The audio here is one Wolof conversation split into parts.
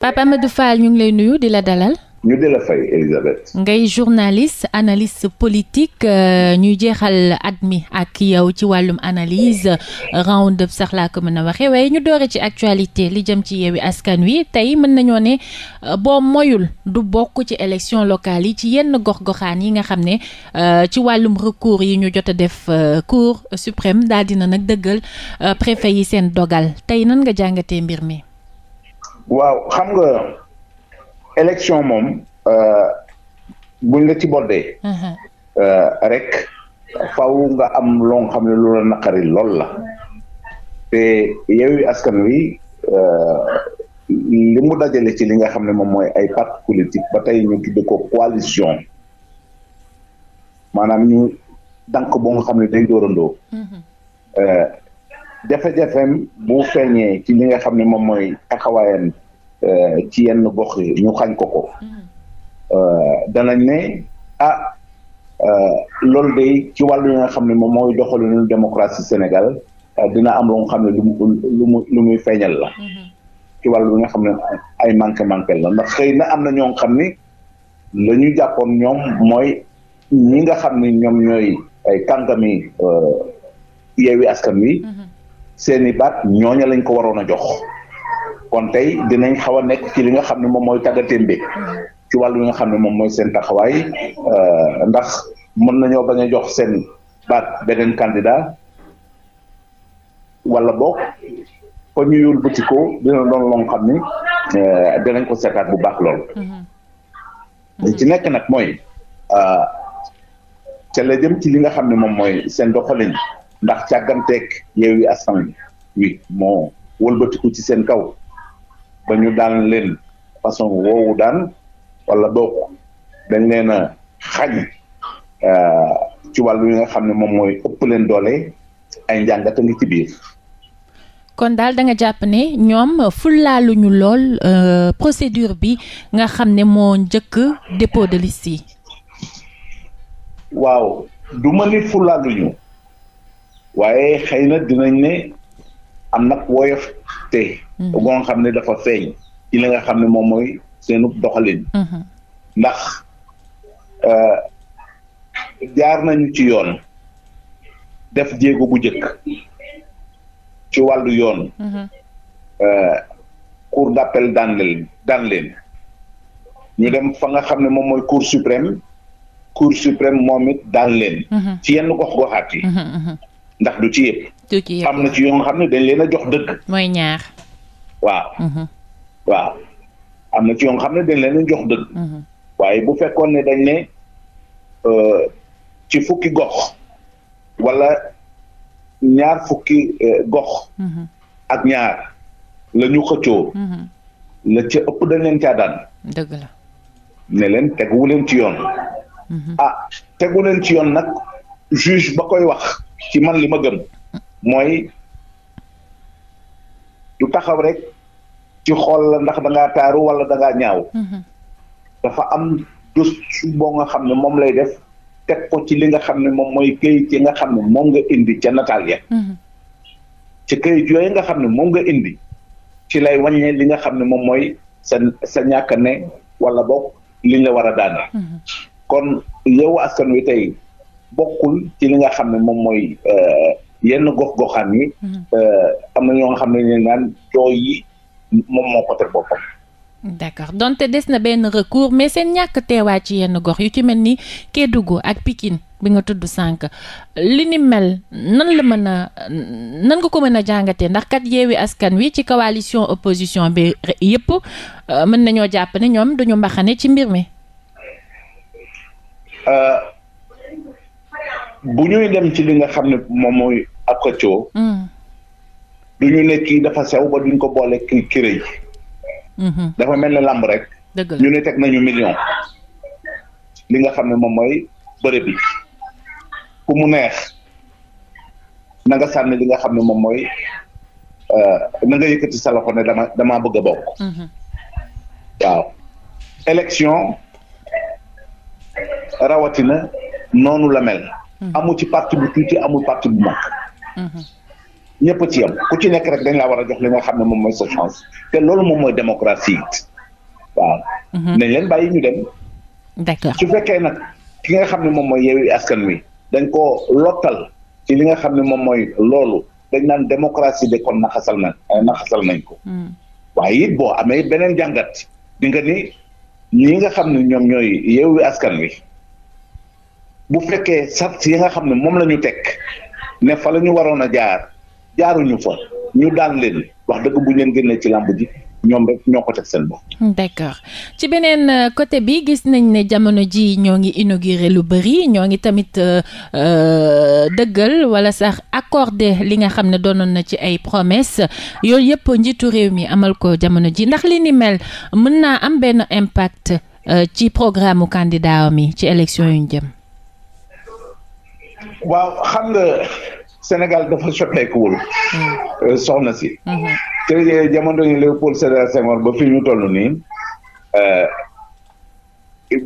Pape Amadou Fall ñu ngi lay nuyu di la dalal. ñu di la fay Elisabeth. ngay journaliste analyste politique euh, ñuy jeexal at mi ak yow ci wàllum analyse round up sax laa ko mën a waxe waaye ñu doore ci actualité li jëm ci yeewi askan wi tey mën nañoo ne euh, boo moyul du bokk ci élection locale yi ci yenn gox-goxaan yi nga xam ne euh, ci wàllum recours yi ñu jot a def cour suprême daal dina nag dëggal préfet yi seen dogal tey nan nga jàngatee mbir mi. waaw xam nga élection moom euh, buñ la ci boddee. Mhm. Euh, rek faw nga am loo xam ne lu la naqari lool la te Yewwi Askan Wi euh, li mu dajale ci li nga xam ne moom mooy ay parti politique ba tey ñu tudde ko coalition maanaam ñu dànk boo xam ne day dóorandoo. Mhm. jafe-jafeem bu feeñee ci li nga xam ne moom mooy taxawaayam euh, ci yenn gox yi ñu xañ ko ko euh, danañ ne ah euh, loolu de ci wàllu nga xam ne moom mooy doxalinu démocratie Sénégal dina am lu xam ne lu muy feeñal la ci wàllu bi nga xam ne ay manqué manqué la ndax xëy na am na ñoo xam ne la ñu jàppoon ñoom mooy ñi nga xam ni ñoom ñooy ay kàngami yeewi askan wi seeni baat ñooña lañ ko waroon a jox kon tey dinañ xaw a nekk ci li nga xam ne moom mooy tàggatémbe ci wàllu yi nga xam ne moom mooy seen taxawaay euh, ndax mën nañoo bañ a jox seen baat beneen candidat wala boog fa ñu yul butikoo dina doon loo xam ni euh, dinañ ko seetaat bu baax lool. Mm-hmm. li ci nekk nag mooy euh, ca la jëm ci li nga xam ne moom mooy seen doxalin ndax càgganteeg Yewwi Askan Wi moo wëlbatiku ci seen kaw ba ñu daan leen façon woowu daan walla bokk dañ leen a xañ euh, ci wàllu yi nga xam ne moom mooy ëpp leen doole ay njàngat a ngi ci biir. kon daal danga jàpp ne ñoom fulaaluñu lool euh, procédure bi nga xam ne moo njëkk dépôt de liste waaw du ma ni fullaaluñu waaye xëy na dinañ ne am nag woyof te bu mhm. nga xam ne dafa feeñ ci li nga xam ne moom mooy seenu doxalin mhm. ndax euh, jaar nañu ci yoon def jéego bu njëkk ci wàllu yoon mhm. euh, cour d'appel daan leen ñu dem fa nga xam ne moom mooy cour suprême cour suprême moom it daan leen ci yenn gox goxaat yi ndax du ci yëpp. am na ci yoon xam ne dañ leen a jox dëkk. mooy ñaar. Mm-hmm. waaw. am na ci yoon xam ne dañ leen a jox dëkk. Mm-hmm. waaye bu fekkoon ne dañ ne euh, ci fukki gox wala ñaar fukki euh, gox. Mm-hmm. ak ñaar la ñu xëccoo. la ca ëpp dañ leen caa daan. dëgg la. ne leen teguwu leen ci yoon. ah tegu leen ci yoon nag juge ba koy wax. ci man li ma gëm mooy du taxaw rek ci xool la ndax da ngaa taaru wala da ngaa ñaaw mm-hmm. dafa am gëstu boo xam ne moom lay def teg ko ci li nga xam ne moom mooy këyit yi nga indi ca nataal ya mm-hmm. ci këyit yooyu nga xam ne moom nga indi ci lay wàññee li nga xam ne moom mooy sa sa ñàkk ne wala bokk liñ la war a daana mm-hmm. kon yow askan wi tey bokkul ci li nga xam ne moom mooy euh, yenn gox-goxaan yi. Mhm. Euh, am na ñoo nga xam ne ñu naan jooy yi moom moo ko teg boppam. donte des na benn recours mais seen ñàkk teewaay ci yenn gox yu ci mel ni Kédougou ak Pikine bi nga tudd sànk li ni mel nan la mën a nan nga ko mën a jàngatee ndax kat yeewi askan wi ci coalition opposition bi yépp euh, mën nañoo jàpp ne ñoom duñu mbaxane ci mbir mi. bu ñuy dem ci li nga xam ne moom mooy ab xëccoo hmm. du ñu ne dafa sew ba duñ ko boole ki kiré ji hmm. dafa mel na làmb rek ñu ne teg nañu million li nga xam ne moom mooy bëre bi ku mu neex na nga sànni li nga xam ne moom mooy euh, na nga yëkkati sa loxo ne dama damaa bëgg a bokk hmm. waaw élection rawatina noonu la mel Mm-hmm. amu ci parti bu ci amul parti bu mag. Mm-hmm. ñëpp ci yam ku ci nekk rek dañ laa war a jox li nga xam ne moom mooy sa chance te loolu moom mooy démocratie it waaw. Mm-hmm. nañ leen bàyyi ñu dem. d'accord su fekkee nag ki nga xam ne moom mooy yeewi askan wi dañ koo lottal ci li nga xam ne moom mooy loolu dañ naan démocratie de kon naxasal na eh, naxasal nañ ko. Mm. waaye it boo amee beneen jàngat di nga ni ñi nga xam ne ñoom ñooy yeewi askan wi. bu fekkee sart yi nga xam ne moom la ñu teg ne fa la waroon a jaar jaaruñu fa ñu daan leen wax dëgg bu ñu génnee ci làmb ji ñoom rek ñoo ko teg seen bopp. d'accord ci beneen euh, côté bi gis nañ ne jamono ji ñoo ngi inauguré lu bëri ñoo ngi tamit euh, euh, dëggal wala sax accordé li nga xam ne doonoon na ci ay promesse yooyu yëpp njiitu réew mi amal ko jamono ji ndax li ni mel mën naa am benn impact ci programme candidat mi ci élection yu ñu jëm. waaw xam nga Sénégal dafa soppeekuwul. Mm. Euh, soxna si. Mm-hmm. te jamono yi Léopold Sédar Senghor ba fii ñu toll nii. Euh,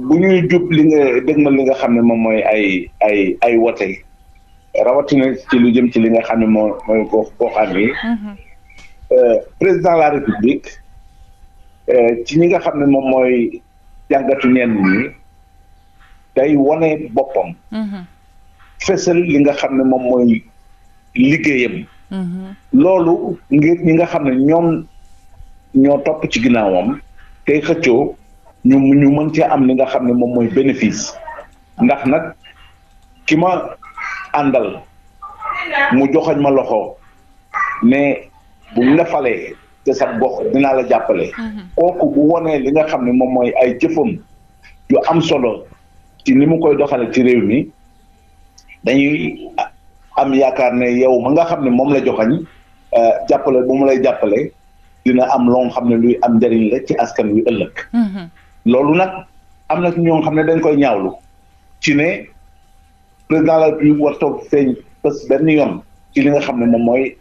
bu ñuy jub li nga dëgmal li nga xam ne moom mooy ay ay ay wote rawatina ci lu jëm ci li nga xam ne moom mooy gox goxaan yi. Mm-hmm. Euh, président la république ci ñi nga xam ne moom mooy jàngatu ñenn ñi day wone boppam. Mm-hmm. fesal li nga xam ne moom mooy liggéeyam. loolu ngir ñi nga xam ne ñoom ñoo topp ci ginnaawam tey xëccoo ñu ñu mën cee am li nga xam ne moom mooy bénéfice ndax nag ki ma àndal mu joxoñ ma loxo mais bu la falee te sa gox dinaa la jàppale. Mhm. kooku bu wonee li nga xam ne moom mooy ay jëfam yu am solo ci ni mu koy doxale ci réew mi. dañuy am yaakaar ne yow ma nga xam ne moom la joxañ euh, jàppale bu mu lay jàppale dina am loo xam ne luy am njëriñ la ci askan wi ëllëg. Mm-hmm. loolu nag am na ñoo xam ne dañ koy ñaawlu ci ne président la République war toog feeñ bés benn yoon ci li nga xam ne moom mooy.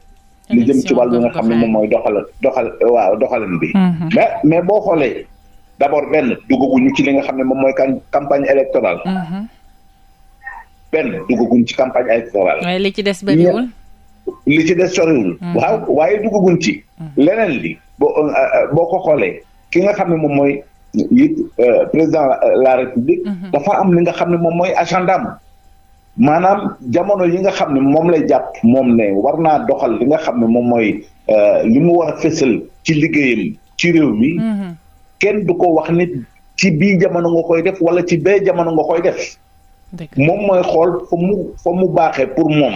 lu jëm ci wàllu nga xam ne moom mooy doxal doxal waaw doxalin bi. Mm-hmm. mais mais boo xoolee d'abord benn duggaguñu ci li nga xam ne moom mooy campagne électorale. Mm-hmm. benn duggaguñ ci campagne électorale. waaye li ci des bëriwul. li ci des soriwul. Mm-hmm. waaw waaye duggaguñ ci. Mm-hmm. leneen li boo euh, euh, boo ko xoolee ki nga xam ne moom mooy yi euh, président la république. Mm-hmm. dafa am li nga xam ne moom mooy agendaam. maanaam jamono yi nga xam ne moom lay jàpp moom ne war naa doxal li nga xam ne moom mooy li mu war a ci ci liggéeyam ci réew mi. kenn du ko wax nit ci bii jamono nga koy def wala ci bee jamono nga koy def. moom mooy xool fa mu fa mu baaxee pour moom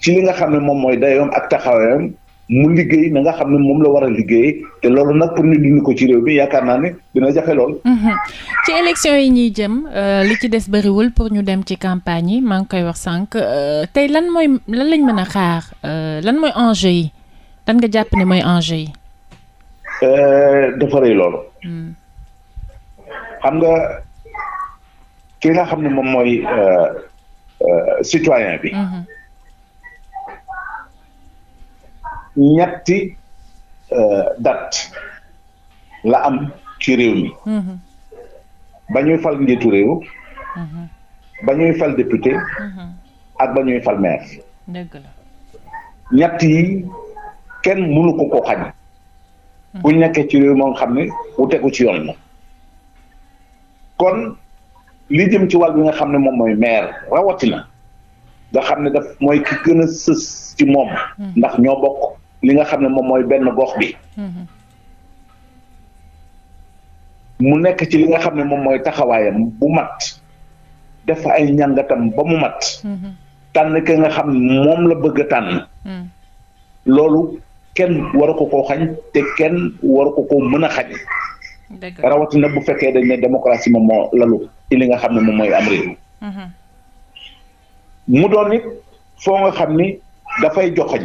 ci li nga xam ne moom mooy dayoom ak taxawaayam mu liggéey na nga xam ne moom la war a liggéey te loolu nag pour ñu dindi ko ci réew mi yaakaar naa ne dina jafe lool. Mhm. ci élection yi ñuy jëm euh, li ci des bëriwul pour ñu dem ci campagne yi maa ngi koy wax sànq euh, tey lan mooy lan lañ mën a xaar euh, lan mooy enjeu yi lan nga jàpp ne mooy enjeu yi. dafa loolu. Hmm. xam nga ki nga xam ne moom mooy euh, euh, citoyen bi. Mhm. ñetti euh, date la am ci réew mi. Mhm. ba ñuy fal njiitu réew. Mhm. ba ñuy fal député. ak ba ñuy fal maire. dëgg yi kenn mënu ko ko xañ. bu nekkee ci réew moo xam ne tegu ci yoon la kon. li jëm ci wàll bi nga xam ne moom mooy maire rawatina nga xam ne daf mooy ki gën a sës ci moom. Hmm. ndax ñoo bokk li nga xam ne moom mooy benn gox bi. Hmm. mu nekk ci li nga xam ne moom mooy taxawaayam bu mat def ay ñàngatam ba mu mat. Hmm. tànn ki nga xam moom la bëgg a tànn. loolu kenn wara ko koo xañ te kenn waru ko koo mën a xañ. rawatina bu fekkee dañ de démocratie moom moo lalu ci li nga xam ne moom mooy am réew. Mhm. mu doon it foo nga xam ne dafay joxoñ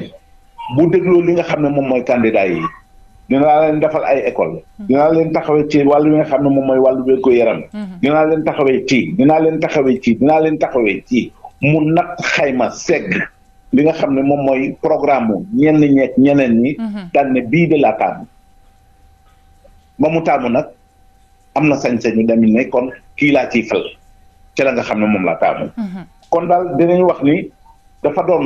bu dégloo li nga xam ne moom mooy candidat yi dinaa leen defal ay école mhm. dinaa leen taxawee ci wàllu yi nga xam ne moom mooy wàllu wér gu yaram mhm. leen taxawee ci dinaa leen taxawee ci dinaa leen taxawee ci mu nat xayma segg li nga xam ne moom mooy programme ñenn ñeek ñeneen ñi daan ne bii de la table moom mu taamu nag am na sañ-sañu dem ne kon kii laa ciy fal la nga xam ne moom laa taamu. Mm-hmm. kon daal dinañ wax ni dafa doon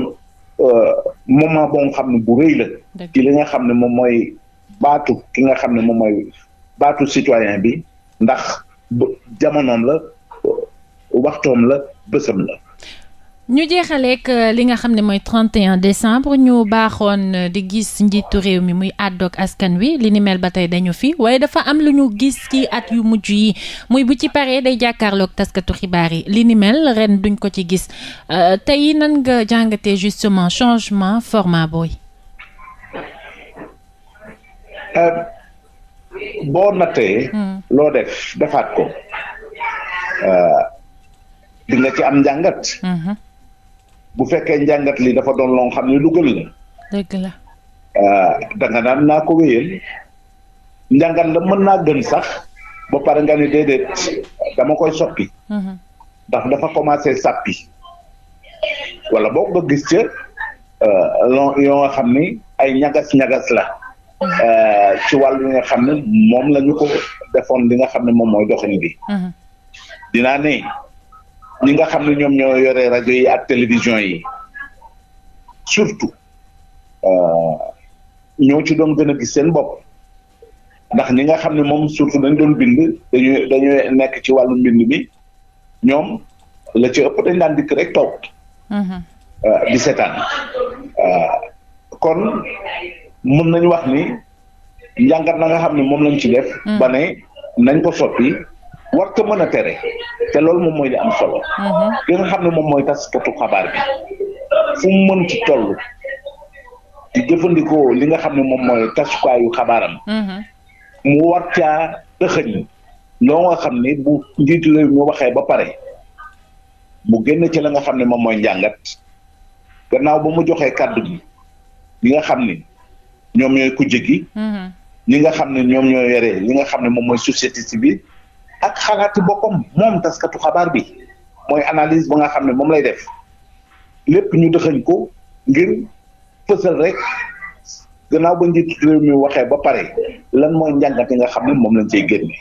euh, moment boo xam ne bu rëy la. ci li nga xam ne moom mooy baatu ki nga xam ne moom mooy baatu citoyen bi ndax jamonoom la waxtoom la bésam la. ñu jeexaleeg euh, li nga xam ne mooy 31 décembre ñu baaxoon euh, di gis njiitu réew mi muy àddoog askan wi li ba tey dañu fi waaye dafa am lu ñu gis ci at yu mujj yi muy bu ci paree day jàkkaarloog taskatu xibaar yi li ren duñ ko ci gis euh, tey nan nga jàngatee justement changement format boo nattee. Hmm. loo def defaat ko. di ci am njàngat. Hmm. bu fekkee njàngat li dafa doon loo xam ne lu gën la. dëgg la. Ah, danga naan naa ko wéyal njàngat la mën naa gën sax ba pare nga ne déedéet dama koy soppi. Mhm. ndax dafa commencé sàppi wala boo gis ca euh, loo yoo xam ni ay ñagas-ñagas la. Euh, ci wàllu nga xam ne moom lañu ñu ko defoon li nga xam ne moom mooy doxin bi. Mhm. dinaa ne. ñi nga xam ne ñoom ñoo yore rajo yi ak télévision yi surtout euh, ñoo ci doom gën a gis seen bopp ndax ñi nga xam ne moom surtout dañ doon bind dañuy nekk ci wàllu mbind mi ñoom la ci ëpp dañ daal dikk rek toog mm-hmm. euh, di seetaan euh, kon mën nañu wax ni njàngat na nga xam ne moom lañ ci def mm. ba ne nañ ko soppi war ko mën a tere te loolu moom mooy li am solo. Mhm. li nga xam ne moom mooy taskatu xabaar bi fu mu mën ci toll di jëfandikoo li nga xam ne moom mooy tasukaayu xabaaram. Mhm. mu war caa bu njiitu réew waxee ba pare mu génn ci la nga xam ne moom mooy njàngat gannaaw ba mu joxee kàddu gi li nga xam ne ñoom ñooy kujje gi. ñi nga xam ne ñoom ñooy mhm. yore li nga xam ne moom mooy société civile. ak xalaati boppam moom taskatu xabaar bi mooy analyse ba nga xam ne moom lay def lépp ñu dëxañ ko ngir fësal rek ganaaw ba njiit réew mi waxee ba pare lan mooy njàngat yi nga xam ne moom lañ cey génne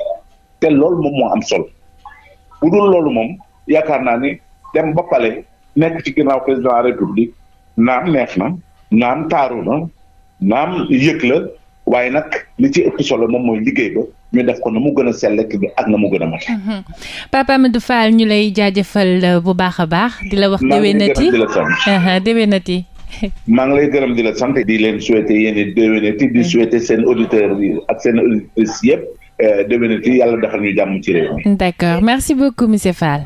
ten loolu moom moo am solo bu dul loolu moom yaakaar naa ni dem ba pale nekk ci gannaaw président de la république naam neex na naam taaru na naam yëg la waaye nag li ci ëpp solo moom mooy liggéey ba ñu def ko na mu gën a sell bi ak na mu gën a mat. Mhm. Papa Amadou Fall ñu lay jaajëfal euh, bu baax a baax. di la wax déwénati mhm, déwénati maa ngi lay gërëm di la sant di leen souhaiter yéen it déwénati di mhm. souhaiter seen auditeurs yi ak seen auditrices yëpp euh, déwénati yàlla defal ñu jàmm ci réew mi. d'accord merci beaucoup monsieur Fall.